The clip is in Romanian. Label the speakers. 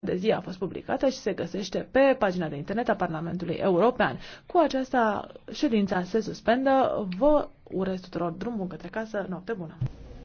Speaker 1: de zi a fost publicată și se găsește pe pagina de internet a Parlamentului European. Cu aceasta ședința se suspendă. Vă urez tuturor drum bun către casă, noapte bună!